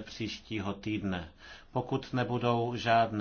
příštího týdne. Pokud nebudou žádné